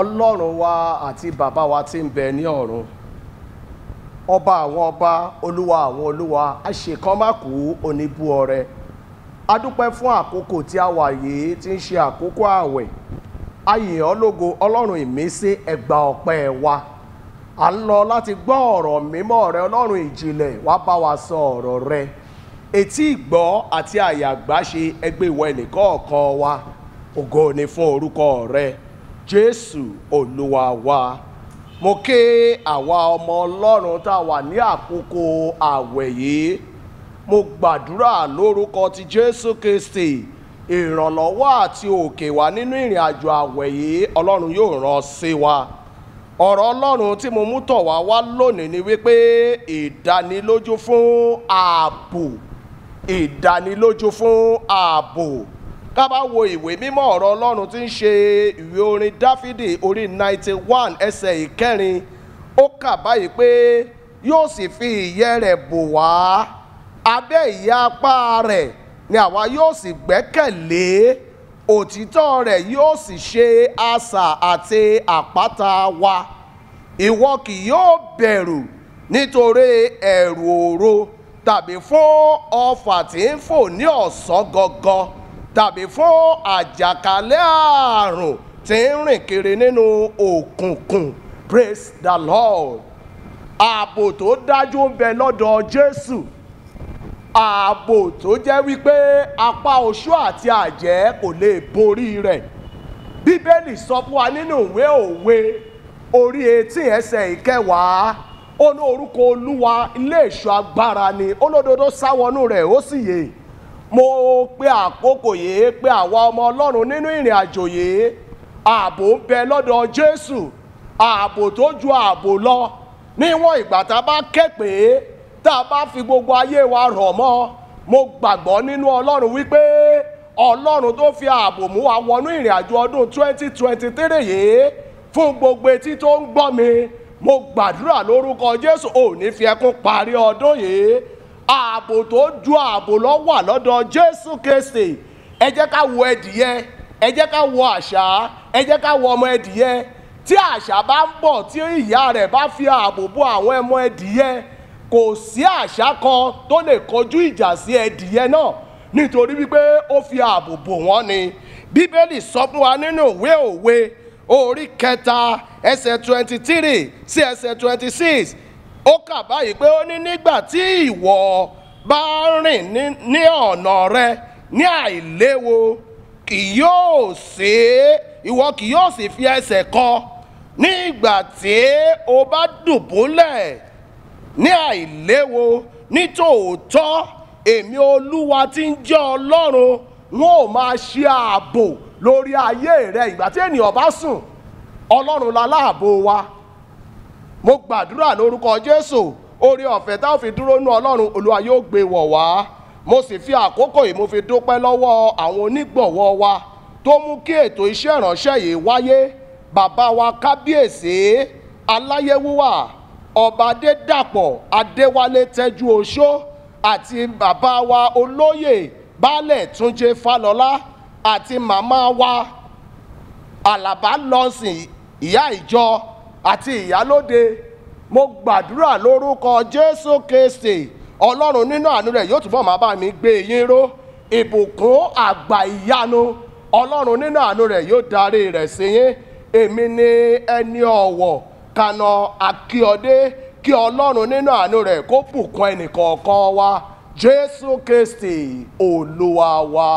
ọlọ́run wa àti bàbá wa tí ń bẹ ní ọ̀run ọba àwọn ọba olúwa àwọn olúwa àṣekánmákù oníbú ọrẹ adúpẹ́ fún àkókò tí a wà yìí tí ń ṣe àkókò ààwẹ̀ ayìyàn ológo ọlọ́run ìmísí ẹgbà ọpẹ́ wa à ń lọ láti gbọ́ ọ̀rọ̀ mímọ́ rẹ ọlọ́run ìjìnlẹ̀ wá bá wa sọ ọ̀rọ̀ rẹ etí ìgbọ́ àti àyàgbá ṣe ẹgbẹ́ ìwọ ẹnìkọ̀ọ̀kan wa ògo ni fún orúkọ rẹ jésù olúwa wa mo ké àwa ọmọ ọlọ́run tá a wà ní àkókò àwẹ̀ yìí mo gbàdúrà lórúkọ ti jésù kristi ìrànlọ́wọ́ àti òkè wá nínú ìrìn àjò àwẹ̀ yìí ọlọ́run yóò ràn sí wa ọ̀rọ̀ ọlọ́run tí mo mú tọ̀ wá wá lónìí ni wípé ìdánilójú fún ààbò ìdánilójú fún ààbò ká bá wo ìwé mímọ́ ọ̀rọ̀ ọlọ́run tí ń ṣe ìwé orin dáfídì orí ninety one ẹsẹ̀ ìkẹrin ó kà báyìí pé yóò sì fi ìyẹ́ rẹ̀ bò wá abẹ́ ìyẹ́ apá rẹ̀ ni àwa yóò sì gbẹ́kẹ̀lé òtítọ́ rẹ̀ yóò sì ṣe asà àti àpáta wa ìwọ kì yóò bẹ̀rù nítorí ẹ̀rù òro tàbí fún ọfà tí ń fò ní ọ̀sán gọ́gọ́ tàbí fún àjàkálẹ̀ àrùn tí ń rìn kiri nínú òkùnkùn praise the lord ààbò tó dájú ń bẹ lọ́dọ̀ jésù ààbò tó jẹ́ wípé apá oṣó àti àjẹ́ kò lè borí rẹ̀ bíbélì sọ fún wa nínú ìwé òwe orí etí ẹsẹ̀ ìkẹwàá ó ní orúkọ olúwa ilé ìṣọ́ agbára ni olódodo sá wọnú ó sì yè mo pé àkókò yìí pé àwa ọmọ ọlọ́run nínú ìrìn àjò yìí ààbò ń bẹ lọ́dọ̀ jésù ààbò tó ju ààbò lọ níwọ̀n ìgbà tá a bá ké tá a bá fi gbogbo ayé wa rọ̀ mọ́ mo gbàgbọ́ nínú ọlọ́run wípé ọlọ́run tó fi ààbò mú wa wọnú ìrìn àjò ọdún 2023 yìí fún gbogbo etí tó ń gbọ́ mi mo gbàdúrà lórúkọ jésù ò ní fi ẹkún parí ọdún yìí ààbò tó ju ààbò lọ wà lọ́dọ̀ jésù kristi ẹ jẹ́ ká wo ẹdìyẹ ẹ jẹ́ ká wo àṣà ẹ jẹ́ ká wo ọmọ ẹdìyẹ tí àṣà bá ń bọ̀ tí ìyá rẹ̀ bá fi ààbò bo àwọn ọmọ ẹdìyẹ kò sí àṣà kan tó lè kọjú ìjà sí ẹdìyẹ náà nítorí wípé ó fi ààbò bò wọ́n ni bíbélì sọ fún wa nínú ìwé òwe orí kẹta ẹsẹ̀ twenty three sí ẹsẹ̀ twenty six ó kà báyìí pé ó ní nígbà tí ìwọ bá rìn ní ọ̀nà rẹ ní àìléwu kì yóò ṣe ìwọ kì yóò sì fi ẹsẹ̀ kọ nígbà tí o bá dùbúlẹ̀ ní àìléwu nítòótọ́ èmi olúwa tí ń jẹ́ ọlọ́run wọn ò máa ṣe ààbò lórí ayé rẹ ìgbà tí ènìyàn bá sùn ọlọ́run láláàbò wa mo gbàdúrà lórúkọ jésù oore ọ̀fẹ́ tá ò fi dúró nú ọlọ́run olúwa yóò gbé wọ̀ wá mo sì fi àkókò yìí mo fi dúpẹ́ lọ́wọ́ àwọn onígbọ̀wọ́ wa tó mú kí ètò iṣẹ́ ìránṣẹ́ yìí wáyé bàbá wa kábíyèsí aláyéwúwà ọba adédàpọ̀ adéwálé tẹ́jú oṣó àti bàbá wa olóyè baálẹ̀ túnjẹ fálọlá àti màmá wa àlàbá lọ́sìn ìyá ìjọ àti ìyálóde mo gbàdúrà lórúkọ jésù kristi ọlọ́run nínú àánú rẹ̀ yóò túbọ̀ máa bá mi gbé yín ró ìbùkún àgbà ìyanu ọlọ́run nínú àánú rẹ̀ yóò darí rẹ̀ sí yín èmi ni ẹni ọ̀wọ̀ kana akíọdé kí ọlọ́run nínú àánú rẹ̀ kó bùkún ẹnìkọ̀ọ̀kan wa jésù kristi olúwa wa.